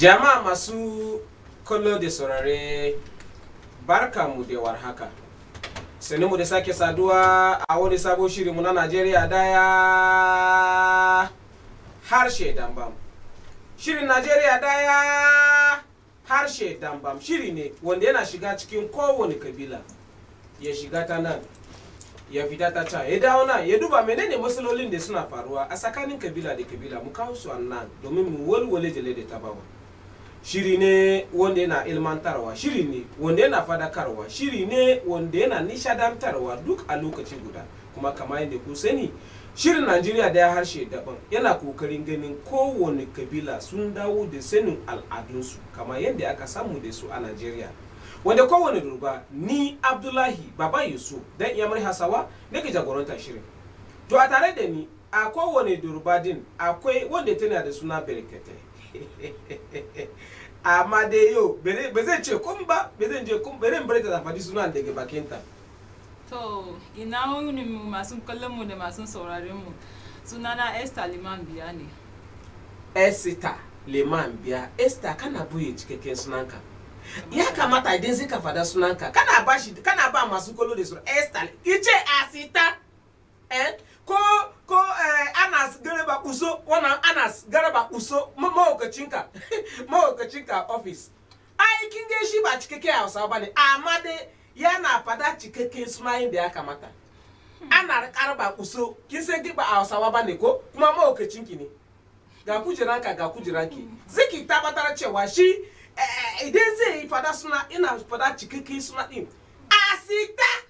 jama'a masu kallo da saurare barka mu da warhaka sani mu da sake saduwa a wani sabon mu na najeriya daya harshe dambam shirin najeriya daya harshe dambam shiri ne wanda yana shiga cikin kowane kabila ya shiga ta nan ya fita ta can ya dawo nan ya duba menene matsalolin da suna faruwa a tsakanin kabila da kabila mu kawo su nan domin mu walwale jale da tabawa shiri ne wanda yana ilmantarwa shiri ne wanda yana fadakarwa shiri ne wanda yana nishadantarwa duk a lokaci guda kuma kamar yadda ku sani shirin najeriya da ya harshe daban yana kokarin ganin kowane kabila sun dawo da sanin al'adunsu kamar yadda aka samu da su a najeriya wanda kowane durba ni abdullahi baba yusuf dan iyamar hasawa nake jagorantar shirin to a tare da ni a kowane durba din akwai wanda tana da suna berkete amma dai yau ba zai ce kun ba ba zai je kun ba zai bari ta faɗi suna daga bakinta to ina wuni mu masu kallon mu da masu sauraren mu sunana Esther Liman biya ne Esther Liman biya Esther kana buye cikakken sunanka ya kamata idan sai ka fada sunan sunanka kana ba shi kana ba masu kallo da su Esther ice asita eh ko ko eh, anas garaba kuso wannan anas garaba kuso mahaukacinka mahaukacinka office ai kin ga shi ba cikakke hausa ba ne amma dai yana fada cikakken sumayin da ya kamata hmm. ana karba kuso kin san ki ba hausawa ba ne ko kuma mahaukacinki ne ga kujiranka ga kujiranki hmm. ziki tabbatar cewa shi ee eh, eh, zai yi fada suna ina fada cikakken suna din asita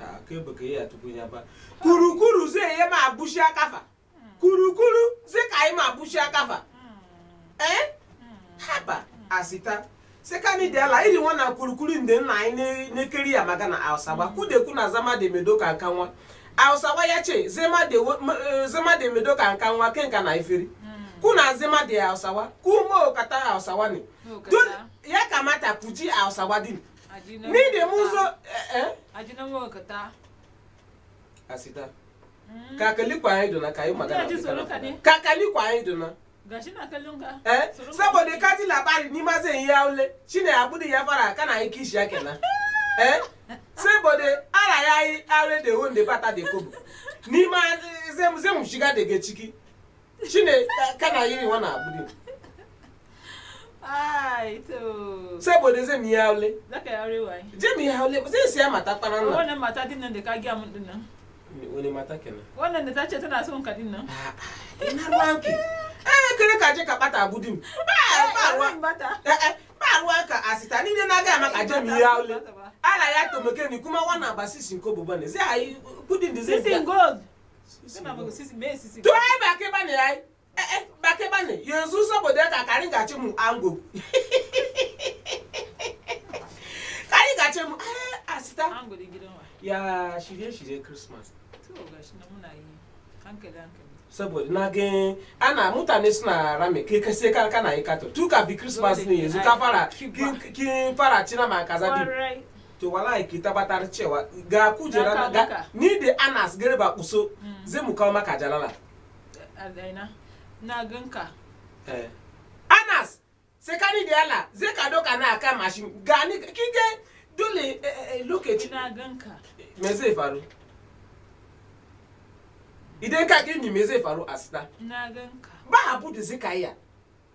Ah, kurukuru zeye ma bushi akafa kurukuru zi ka anyị ma bushi akafa ee eh? haba asita sekamidiala iri nwa na kurukuru nde nna anyị na-ekeri ya maka na ausawa mm. kudeku na zamademedo ka nka nwa ausawa ya che zemademedo eh, ka nka nwa kenka na ifiri mm. kuna zema de ausawa kumo kata ausawa ni ya ka kamata kuji ausawa dini Eh, eh. Hmm. Ni da nso zo eh ajinan wakata asita kakali kwaye dona kayi magana kakali kwaye dona na kallon ka eh saboda ka ji labari ni ma zan yi aure shine abu da ya fara kana yi kishi eh, ya kenan eh saboda ara ya yi aure de wanda bata de kobo ni ma zai mu shiga daga ciki shine kana yi wannan abu din Ai, tu. Sabe de zemi aule? Da que aule wai. Zemi aule, você se ama tá para não. Wona mata din nan da ka gya mun din nan. Wona mata kenan. Wannan da tace tana son ka din nan. Ina ah, ah, e ruwanki. Eh, kare ka je ka ha gudun. Ba ba ruwan bata. Eh eh, ba ruwan ka asita ni ne na ga maka zemi aule. Ala ya to meke ni kuma wannan ba sisin ko baba ne. ai gudun da zai. Sisin gold. Sisin gold. Sisin me sisin. To ai ba ke ba ne ai. ba kai ba yanzu saboda ka kari gace mu ango karin gace mu eh, a ah, sita ango da gidan wa ya shirye shirye christmas to gashi na muna yi hankali hankali saboda na ga ana mutane suna rame kai ka sai kanka na yi kato tu ka bi christmas ne yanzu ka fara kin fara cina ma kaza din to wallahi ki tabbatar cewa ga kujera ga ni da anas garba kuso hmm. zai mu kawo maka jalala na eh anas sekani de ala ze ka do aka machine gani kige dole eh, eh, eh, locate na ganka meze faru ide ka ki nyi meze faru asita na ganka ba abu de zika ya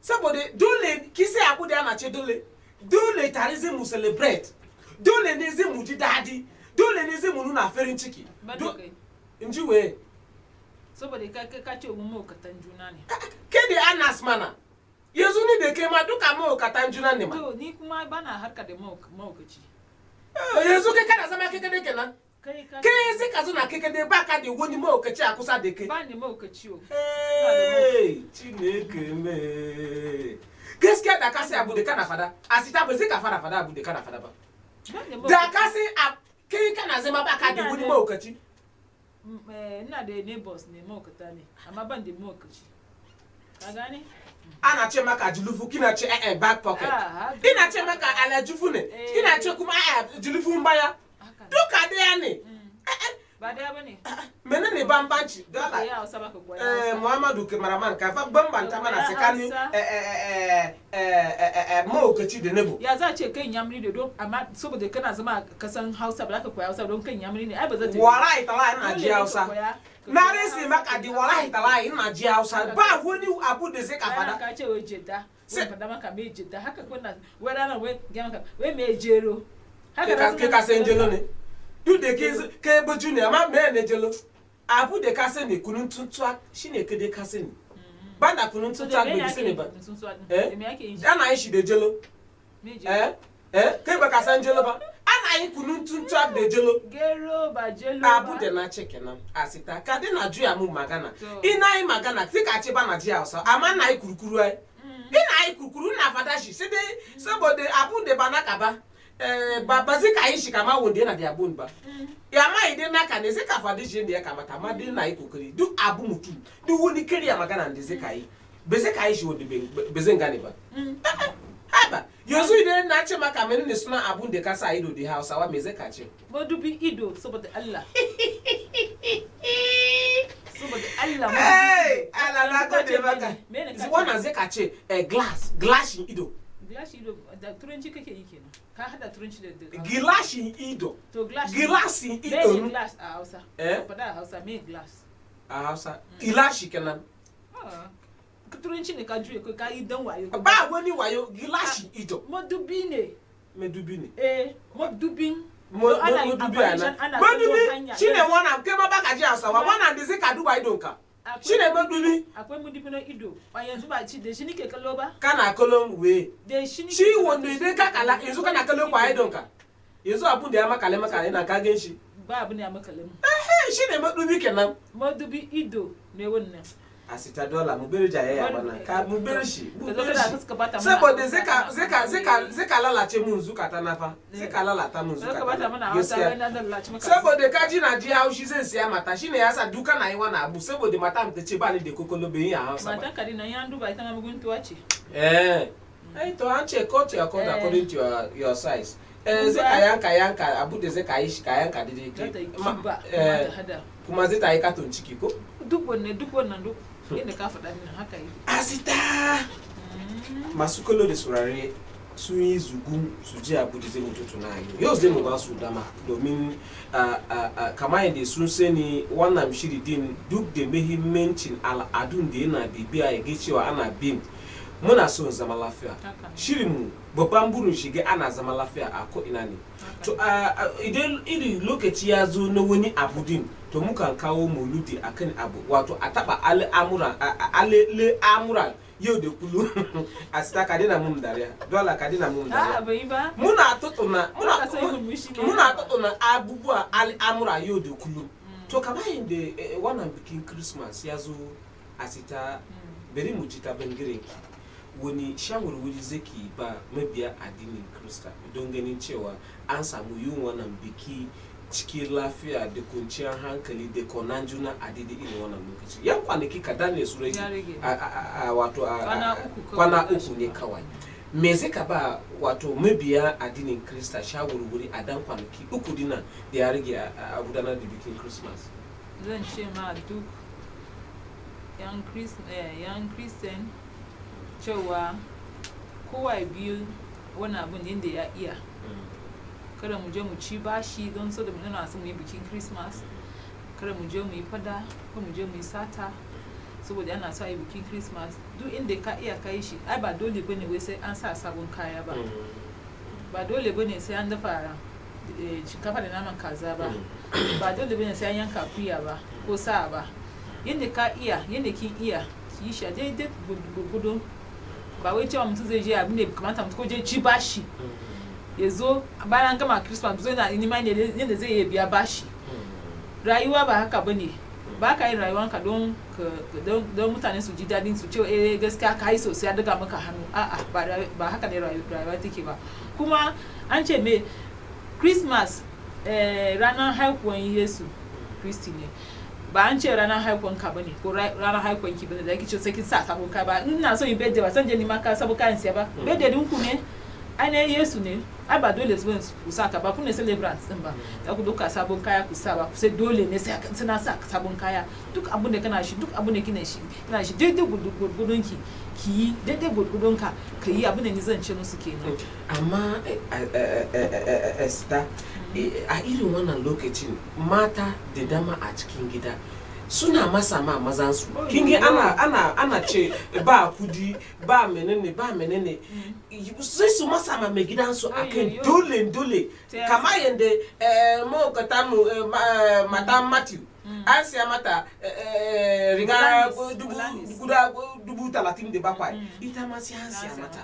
saboda dole kise abu de anache dole dole tarize mu celebrate dole ne mu ji dadi dole ne ze mu nuna saboda ka ka ce mu maukatan juna ne ah, ah, ke da anas mana yanzu ni da kai ma duka maukatan juna ne ma to ni kuma bana harka da maukaci eh, yanzu kai kana zama kai kadai kenan kai sai ka zuna kai kadai ba ka da wani maukaci a kusa da kai ba ni maukaci o eh, chineke me gaskiya da ka sai abu da kana fada a sita ba sai ka fara fada abu da kana fada ba da ka sai a kai kana zama ba ka da wani maukaci ina eh, da neighbors ne maukata ne amaba ban da maukaci ka gane ana ce maka julufu kina ce eh, eh back pocket ina ce maka ala jufu ne kina ce eh. kuma ah, mm. eh julufu ya duka ya ne ba daya bane menene bambanci dala eh muhammadu kamaraman ka fa mana eh eh eh, eh, eh, eh nebo ya za ce kan yamri ne don amma saboda kana zama kasan hausa ba ka koya hausa don kan yamri ne ai ba za ta wallahi talahi ina ji hausa na resi maka di wallahi tala ina ji hausa ba wani abu da zai ka fada ka ce haka kuna ka wai haka ka jelo ne dudekebe junia ma mee na ejelo abudekasini kununtuntwa shineke dekasini bana kunu kununtuntwa gbedisini ba ana anyị shidejelo kebe kasa njelo ba ana anyị kununtuntwa dejelo abude na chikina asita ka dị na juya mụ magana ịna anyị magana dịka chiba na ji ọsọ ama e. mm-hmm. na anyị kurukuru anyị ịna anyị kurukuru na fadashi sede sobode abudebana kaba Eh, ba ba ka yi shi kama wanda yana da abun ba mm. ya ma idan naka ne zai ka faɗi shi da ya kamata ma na yi kokari du abu mutum duk wani kariya magana da yi ba yi shi wanda ba zai ne ba haba yanzu idan na ce maka ne suna abun de ka sa ido me ce bi ido saboda Allah saboda Allah na eh, glass glass ido gilashin ido da turanci kake yi kenan ka hada turanci da gilashin ido to gilashin ido ne glass a hausa eh faɗa a hausa me glass a hausa mm. gilashi kenan ah. turanci ne ka juye ko ka yi dan wayo ba wani wayo gilashin ah, ido madubi ne madubi ne eh madubin modubin ana modubin shine wannan eh. kai ma baka ji asawa wannan da zai ka duba idonka shi ne madubi akwai madubi na ido a yanzu ba ci da shi nike kallo ba kana kallon we da shi nike shi wanda idan ka kala yanzu kana kallon kwaye don ka yanzu abun da ya makale maka yana ka gan shi ba abun da ya makale mu eh shi ne madubi kenan madubi ido ne wannan asita dola mubiri ja yaya bana ka mubiri shi mubiri shi saboda zika zika zika zika lalace mun zuka ta nafa eh. zika lalata mun zuka ta nafa saboda ka ji na ji haushi zai siya mata shine yasa duka na yi wani abu saboda mata mu ta ce ba ni da kokolo bai yi a hausa mata kari na yan duba ita ma bugun tuwa ce eh ai mm. eh, to an ce cut your cord eh. according to your, your size eh zika yanka yanka abu de zika yi shi ka yanka daidai kuma zai ta yi katon ciki ko duk wanne yadda ka faɗa min haka yi asita mm. masu kallo da surare sun yi zugun su ji abu da zai mutu tunani yau zai mu ba su dama domin kama yadda sun sani wannan shiri din duk da mahimmancin al'adun da yana bibiya ya ga cewa ana bin muna son zama lafiya shirin mu babban burin shiga ana zama lafiya a ko'ina ne to idan iri lokaci ya zo na wani abu din to mukan kawo mauludi akan abu wato a taba al'amuran yau da kullum a sita ka dina mun dariya dole ka dina mun dariya muna tattauna muna muna tattauna abubuwa al'amura yau da kullum mm. to kamar yadda eh, eh, wannan bikin christmas ya zo a sita mm. bari mu ji ta bangaren ki wani shawarwari zaki ba mabiya addinin krista don ganin cewa an samu yin wannan biki cikin lafiya da kwanciyar hankali da konan juna a daidai irin wannan lokaci yan kwanaki da ne su rage a wato a kwana uku ne kawai me zai ka ba wato mabiya addinin krista shawarwari a dan kwanaki uku dinan da ya rage a gudanar da bikin christmas zan ce ma duk yan eh, christian cewa kowa biyu wani abin yadda ya iya kada mu je mu ci bashi don so da mu nuna su mu yi bikin christmas kada mu je mu yi fada ko mu je mu yi sata saboda ana so a yi bikin christmas duk inda ka iya ka yi shi ai ba dole bane wai sai an sa sabon kaya ba mm. ba dole bane sai an dafa eh, shinkafa da naman kaza ba mm. ba dole bane sai an yanka kuya ba ko sa ba yadda ka iya yadda kin iya ki yi shi a daidai gudu ba wai cewa mutum zai je abin da kamata mutum ko je ci bashi mm. yazo bayan gama christmas zo yana nima yadda zai iya biya bashi hmm. rayuwa ba haka hmm. ba ne ba ka yi rayuwanka don don mutane su ji dadin su cewa eh gaskiya ka yi sosai ya daga maka hannu a'a ba haka ne rayuwa take ba kuma an ce me christmas eh, ranar haihuwan yesu kristi ne ba an ce ranar haihuwan ka bane ko ranar haihuwan ki bane da kike sai kin sa sabon ka ba ina so in bedde ba san je ni ma ka sabon kayan siya ba hmm. bedde din ku ne ai ne yesu ne ai ba dole zuwan ku sa ka ba ku ne celebrants din ba da ku duka sabon kaya ku sa ba sai dole ne sai suna sa sabon kaya duk abun da kana shi duk abun da kina shi kina shi daidai gudugudun ki ki yi daidai gudugudun ka ka yi abun da ni zan ce musu kenan amma esta eh, eh, eh, a irin wannan lokacin mata da dama a cikin gida suna masa ma mazan su oh, kin ga ana ana ana ce ba kudi ba menene ba menene sai su masa ma mai gidan su akan dole dole kama yanda eh mu kata mu madam Matthew hmm. an siya mata eh, eh, riga dubu talatin da bakwai hmm. ita ma sai an siya mata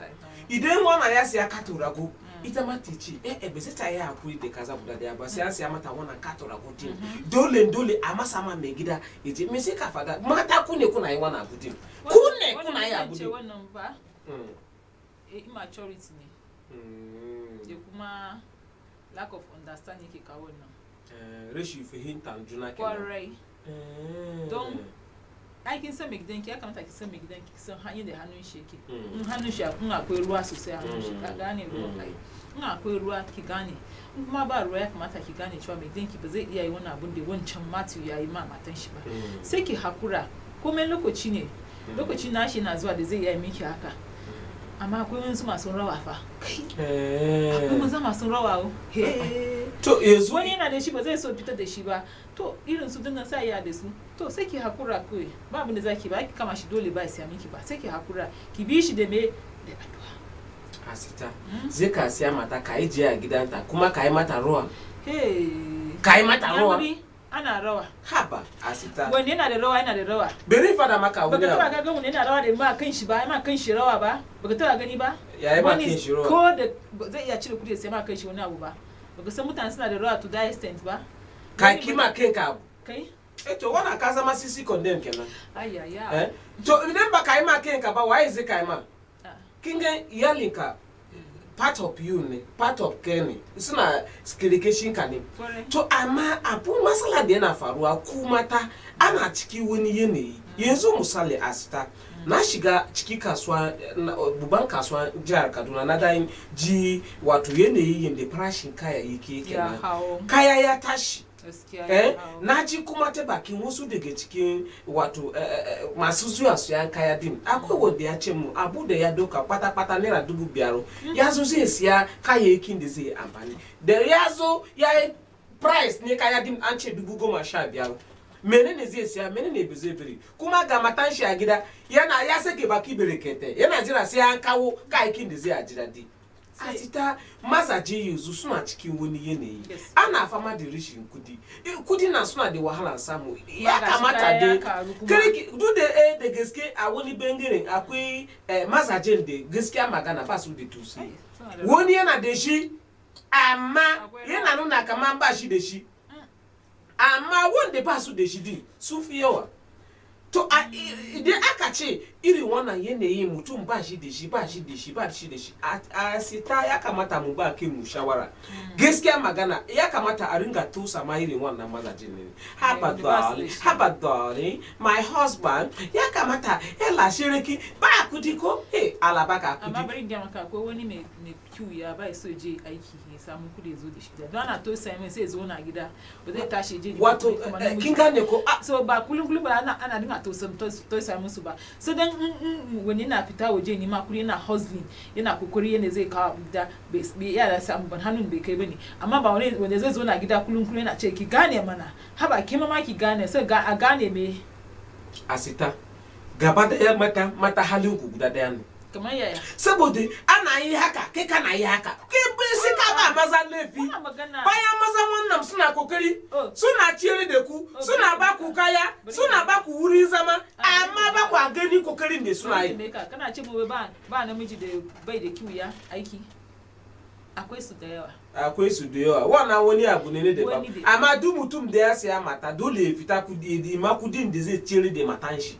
idan wannan ya siya katon rago ita ma ta ce eh, eh ba sai ta yi hakuri da kaza guda daya ba sai an siya mata wannan katon ragudin mhm. dole dole a masa ma mai gida ya je me sai ka fada mata ku ne kuna yi wannan agudin ku ne kuna yi agudin wannan ba mm. eh, immaturity ne mm. da kuma lack of understanding ke kawo nan eh, rashin fahimtar juna kenan don aikin san mai gidanki ya kamata ki san mai gidanki ki san hanyar da hannun shi yake hmm. in hannun shi in akwai ruwa sosai a hannun shi ka hmm. gane ruwa kai hmm. in akwai ruwa ki gane in kuma ba ruwa ya kamata ki gane cewa mai gidanki ba zai iya yi wani abun da wancan matu ya yi ma matan shi ba sai ki hakura komai lokaci ne lokaci nashi na zuwa da zai iya miki haka amma akwai wani masu rawa fa eh. akwai maza masu rawa o eh. to yanzu wani yana da shi ba zai so fitar da shi ba to irin su dinga sa iya da su to sai ki hakura kai ba abin da zaki ba ki kama shi dole ba sai miki ba sai ki hakura ki bi shi da me da addu'a asita hmm? zai ka siya mata ka yi jiya a gidanta kuma ka yi mata ruwa ka yi mata ruwa ana rawa haba asita wani yana da rawa yana da rawa bari fada maka wuya baka taba ga wani yana rawa da ma kan shi ba ma kan shi rawa ba baka taba gani ba yayi ma kan shi rawa ko da zai iya cire kudi sai ma kan shi wani abu ba baka san mutane suna da rawa to that extent ba ka kima kai ka kai Eh, to wannan ka zama sisi condemn kenan ayaya eh? to idan ba kai ma kanka ba why zai kai ma ah. kin iyalinka part of you ne part of kai ne suna kirkishin ka ne to ama abu masala da yana faruwa ku mata ana ciki wani yanayi yanzu misali asita na shiga ciki kasuwa buban kasuwa jihar kaduna na dayin ji wato yanayi yadda farashin kaya yake kaya ya tashi Eh? na ji kuma ta bakin wasu daga cikin wato eh, eh, masu zuwa su ya kaya din akwai wanda ya ce mu abu da ya doka kwata-kwata naira dubu biyar hmm. ya zo zai siya kayayyakin da zai amfani da ya zo ya price ne kaya din an ce dubu goma sha biyar menene zai siya menene ba zai biri kuma ga matan shi a gida yana ya sake baki bere kete yana jira sai an kawo kayakin da zai a jira din azita maza je yanzu suna cikin wani yanayi ana fama da rashin kudi kudi na suna da wahala samu ya kamata da duk da eh da gaske a wani bangaren akwai mazajen da gaskiya magana ba su da tausayi wani yana da shi amma yana nuna kamar ba shi da shi amma wanda ba su da shi din sun fi yawa to a idan aka ce irin wannan yanayi mutum ba shi da shi ba shi da shi ba shi da shi a sita ya kamata mu ba kai mu shawara mm. gaskiya magana ya kamata a ringa tusa ma irin wannan mazajin ne haba darling haba darling my husband ya kamata kudi ko eh alaba ka kudi amma bari gama ka akwai wani mai mai kiwuya ba so je aiki ya samu kudi zo da shi da ana to sai mai sai zo na gida ba zai tashi je wato eh, kin gane ko ah. so ba kullum kullum ba ana ana dinga to sam to sai musu ba so dan wani na fita waje ni ma kudi yana hustling yana kokari yana zai kawo gida bai yara samu ban hannun bai kai bane amma ba wani wanda zai zo na gida kullum kullum yana ce ki gane mana haba ki ma ki gane sai a gane me asita gaba ya mata mata halin ku guda daya ne kamar yaya saboda ana yi haka kai kana yi haka kai bai sai ka ba maza laifi bayan maza wannan suna kokari oh. suna ciyar da ku oh, suna ba ku kaya suna ba ku wurin zama ah, amma ba ku a gani kokarin da suna yi kana ce ba ba namiji da bai da ya aiki akwai su da yawa akwai su da yawa wannan wani abu ne da ba amma duk mutum da ya siya mata dole ya fita kudi ma kudin da zai ciyar da matan shi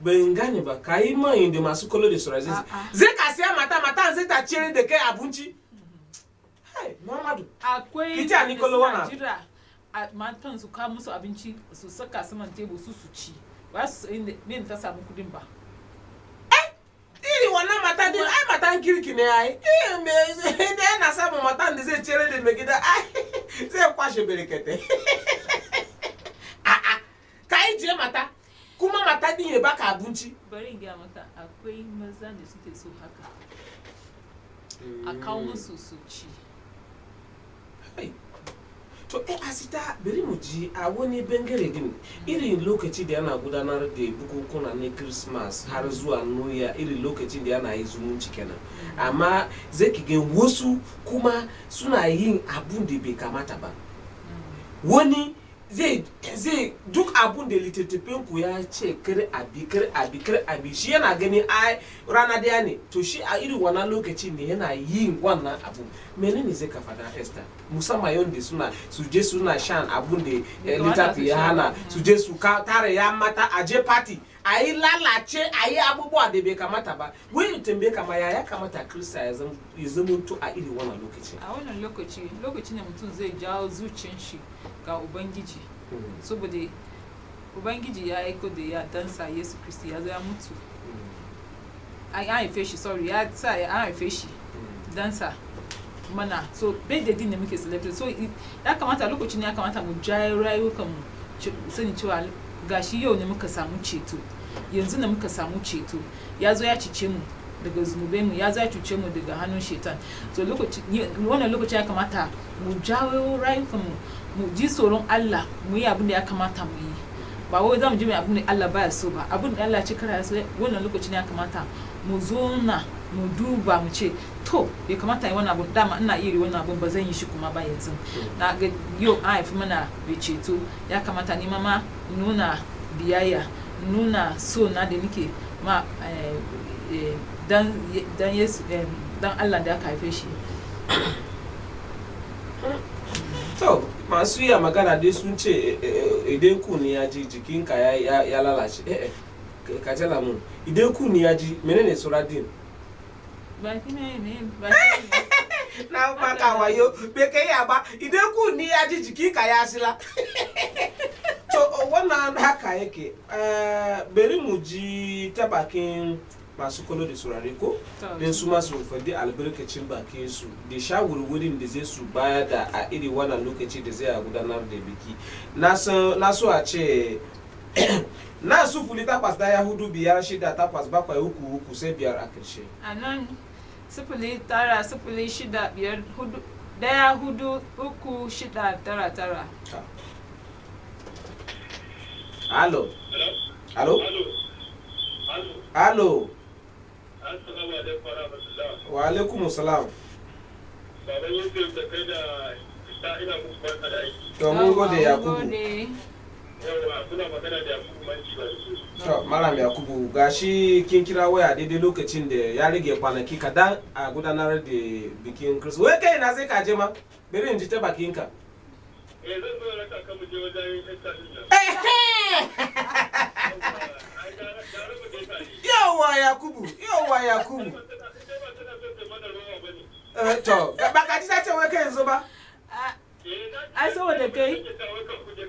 ban gane ba ka yi manyan da masu kolo da surazin zai ka siya mata mata zai ta cire da kai abinci hai muhammadu akwai kita ni kolo wana a matan su kawo musu abinci su saka saman tebur su su ci ba su inda ta samu kudin ba iri wannan mata din ai matan kirki ne ai eh me da yana samun matan da zai cire da mai gida ai zai kwashe berkete a'a ka yi je mata kuma matadin ya baka abinci bari ga maka akwai maza da suke so haka eh. a kawo musu su ci to eh asita bari mu ji a wani bangare din irin lokaci da yana gudanar da bukukuna na christmas har zuwa new year irin lokacin da yana yi zumunci kenan mm. amma zai kige wasu kuma suna yin abun da bai kamata ba mm. wani zai duk abun da littattafin ku ya ce kar abi kar abi kar abi shi yana gani a rana daya ne to shi a irin wannan lokacin ne yana yin wannan abu menene zai kafa fada festa musamman yadda suna su je suna shan abun da eh, littafi ya hana su je su tare ya mata a je party Ayi lalace a abubuwa da bai kamata ba wani tambaye kama ya kamata krista ya zamanto a iri wannan lokaci a wannan lokaci lokaci ne mutum zai jawo zuciyar shi ga ubangiji mm. saboda ubangiji ya aiko da ya dansa yesu kristi ya zo ya mutu mm. an haife shi sorry ya sa ya haife shi mm. dansa mana so bai da din da muke selected so ya kamata lokacin ya kamata mu jayi rayukan mu sani cewa gashi yau ne muka samu ceto yanzu na muka samu ceto ya zo ya cice mu daga zunube mu ya zo ya cuce mu daga hannun shetan to wannan lokaci ya kamata mu jawo rayukan mu mu ji tsoron Allah mu yi abin da ya kamata mu yi ba wai zamu ji mai abin da Allah baya so ba abin da Allah ya ce kara ya so wannan lokaci ne ya kamata mu zona mu duba mu ce to ya kamata yi wani abu dama ina iya yi wani abu ba zan yi shi kuma ba yanzu na ga yau an haifi mana bai ceto ya kamata ni ma nuna biyayya nuna so na da ma eh, eh, dan yesu eh, dan allah da aka haife shi to masu iya magana dai sun ce idan ni ya ji jikinka ya lalace ka ji lamun idan kun ya ji menene suradin ba ne ba ne na maka wayo bekee ya gba idekwu na ihe ajiji ka ị ka ya asịla na haka ka e eh, bari mu ji ta masu kwallo da saurare ko su masu fadi albarkacin bakin su da shawarwarin da zai su baya da a iri wannan lokaci da zai gudanar da biki na a ce na su sifili tara sifili shida biyar hudu daya hudu uku shida tara tara. Alo. Alo. Alo. Wa alaikum salam. Baban yadda da kai da ina muku barka da aiki. To mun gode Yakubu. To, Malam Yakubu ga shi kinkira waya daidai lokacin da ya rage kwanaki kadan a gudanar da bikin Kirsimeti. Wai kai na sai ka je ma, bari in ji ta bakinka. Eh, eh, yawa Yakubu, yawa Yakubu. Eh, to, ba ka ji ta ce wai kai yanzu ba? Ai saboda kai.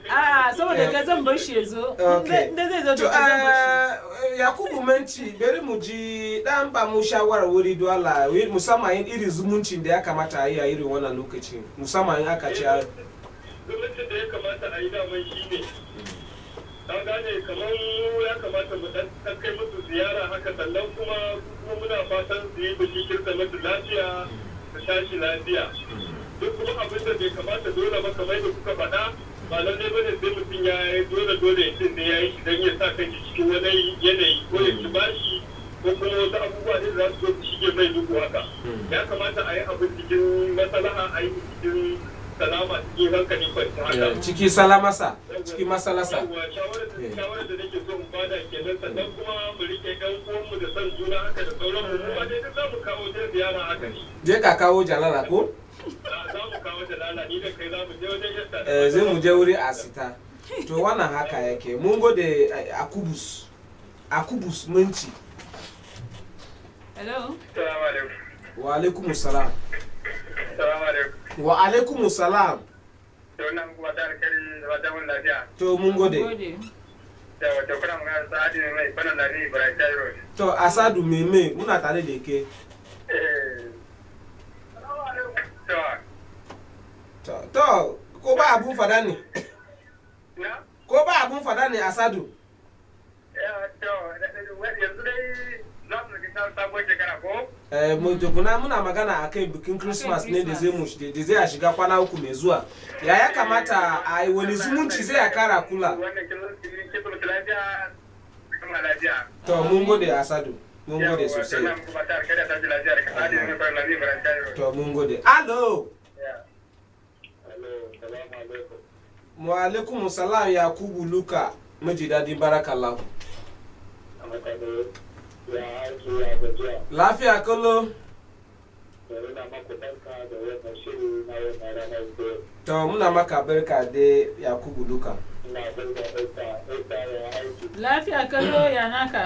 a ah, saboda eh. ka zan bar shi ya zo da zai zo da zan bar shi eh, eh, yakubu manci bari mu ji dan ba mu shawara wuri dole musamman yin irin zumuncin da ya kamata a yi a irin wannan lokaci musamman in aka ce zumuncin da ya kamata a yi daman shi ne an gane kamar ya kamata mu dan kai musu ziyara haka sannan kuma kuma muna fatan su yi bikin kirsimeti lafiya su tashi lafiya hmm. duk kuma abin da bai kamata dole ba kamar da kuka faɗa ba lallai ne sai mutum ya yi dole dole ya sai ya yi shi don ya sa kanshi cikin wani yanayi ko ya ci bashi ko kuma wasu abubuwa ne za su zo shige mai duku haka hmm. ya kamata a yi abu cikin masalaha a yi cikin salama cikin hankali kwanci eh, haka ciki salamasa ciki masalasa eh. shawarar da nake so mu bada kenan sannan kuma mu rike yan uwanmu da san juna haka da sauran mu ba dai duk za mu kawo jin ziyara haka ne je ka kawo jalala ko Eh, za mu je wuri asita to wannan haka yake mun gode eh, akubus akubus minci hello salamu alaikum wa alaikum salam salamu alaikum wa alaikum salam to na kuma dar kai da wata mun lafiya to mun gode to kuma mun ga sadi ne mai bana da ni bai tayi to asadu me me muna tare da ke eh to to ko ba abun fada ne ko ba asadu yanzu dai muna magana a kai bikin christmas ne da zai mushi da zai shiga kwana uku mai zuwa ya ya kamata a yi wani zumunci zai a kara kula to mun gode asadu mun gode sosai to mun gode alo mu salam yakubu luka miji dadi barakallahu lafiya kallo to muna maka barka da yakubu luka lafiya kallo ya naka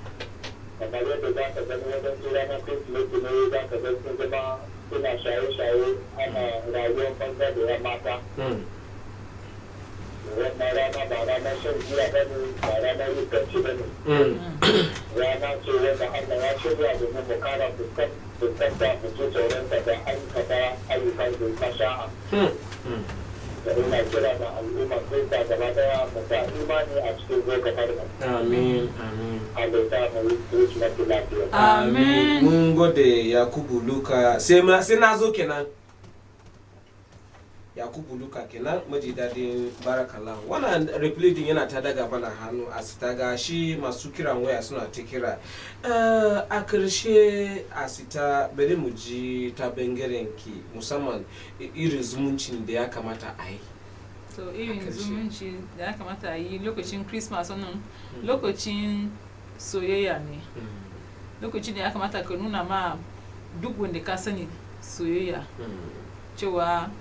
हमारे दुकान का बनवा बन चुका है कुछ लोग मेरे का कदर से जमा तो ना शायद शायद हम राजा पर का दुआ माता वो मेरा ना बारा ना सुन किया था वो बारा ना ये कच्चे बन वो ना चुवे बाहर नया चुवे आज वो मुकारा दुकान दुकान पे मुझे चोरन का जहाँ खता अभी कल दुकान Shah da ina kira da al'umma sun sa gaba daya mu sa imani a cikin zokata da amin amin Allah ta mu wuce lafiya amin mun gode Yakubu Luka sai na zo kenan yakubu luka kenan maji dadin barakala wannan replay din yana ta daga mana hannu a sita ga shi masu kiran waya suna ta kira eh, a karshe a sita bari mu ji ta bangaren ki musamman irin zumuncin da ya kamata a yi to irin zumunci da ya kamata a yi lokacin christmas wannan hmm. lokacin soyayya ne hmm. lokacin da ya kamata ka nuna ma duk wanda ka sani soyayya hmm. cewa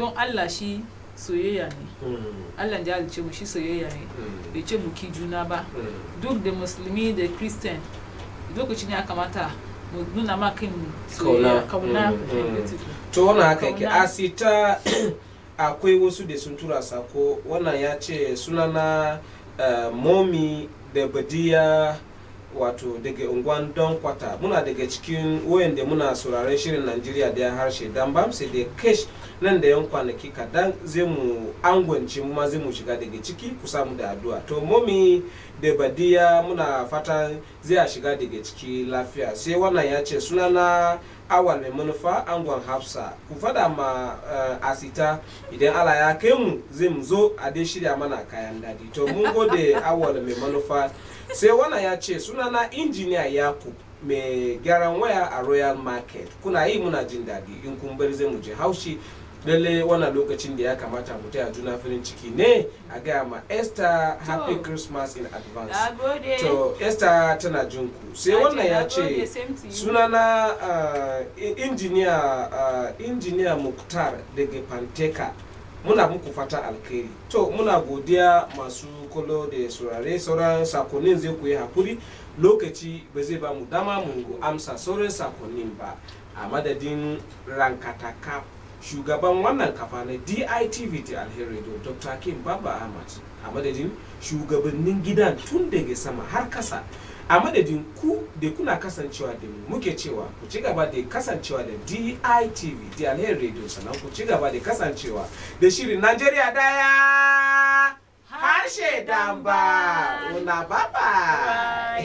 don Allah shi soyayya ne hmm. Allah ya halice mu shi soyayya ne hmm. bai ce mu ki juna ba hmm. duk da musulmi da christian lokaci ne ya kamata mu nuna ma mu soyayya kauna to wannan haka yake asita ah, akwai wasu da sun tura sako wannan ya ce sunana eh, momi da badiya wato daga unguwan don kwata muna daga cikin wayan da muna saurare shirin najeriya da ya harshe dan bamse da kesh nan da yan kwanaki kadan zai mu angwance mu ma zai mu shiga daga ciki ku samu da addu'a to momi da badiya muna fata zai a shiga daga ciki lafiya sai wannan ya ce sunana awal mai manufa angon hafsa ku fada ma eh, asita idan ala ya kai mu zai mu zo a dai shirya mana kayan dadi to mun gode awal mai manufa sai wana ya ce sunana injiniya yakub mai gyaran waya a royal market kuna yi muna jin daɗi in kun bari zai mu je haushi lalle wannan lokacin da ya kamata mu taya juna filin ciki ne a gaya ma esther happy christmas in advance to esther tana jin ku sai wannan ya ce sunana ah, injiniya ah, injiniya muktar daga panteka muna muku fata alkhairi to muna godiya masu kolo da saurare sauran sakonnin zai ku yi hakuri lokaci ba zai ba mu dama mu amsa sauran sakonnin ba a madadin rankataka shugaban wannan kafa na ditv ta alheri dr kim baba ahmad a madadin shugabannin gidan tun daga sama har kasa a madadin ku da kuna kasancewa da mu muke cewa ku ci gaba da kasancewa da DITV da alheri radio sannan ku ci gaba da kasancewa da shirin Najeriya daya harshe damba una baba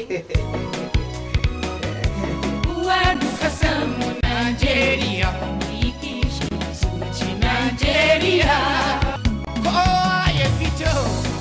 uwa duka samu Najeriya kowa ya fito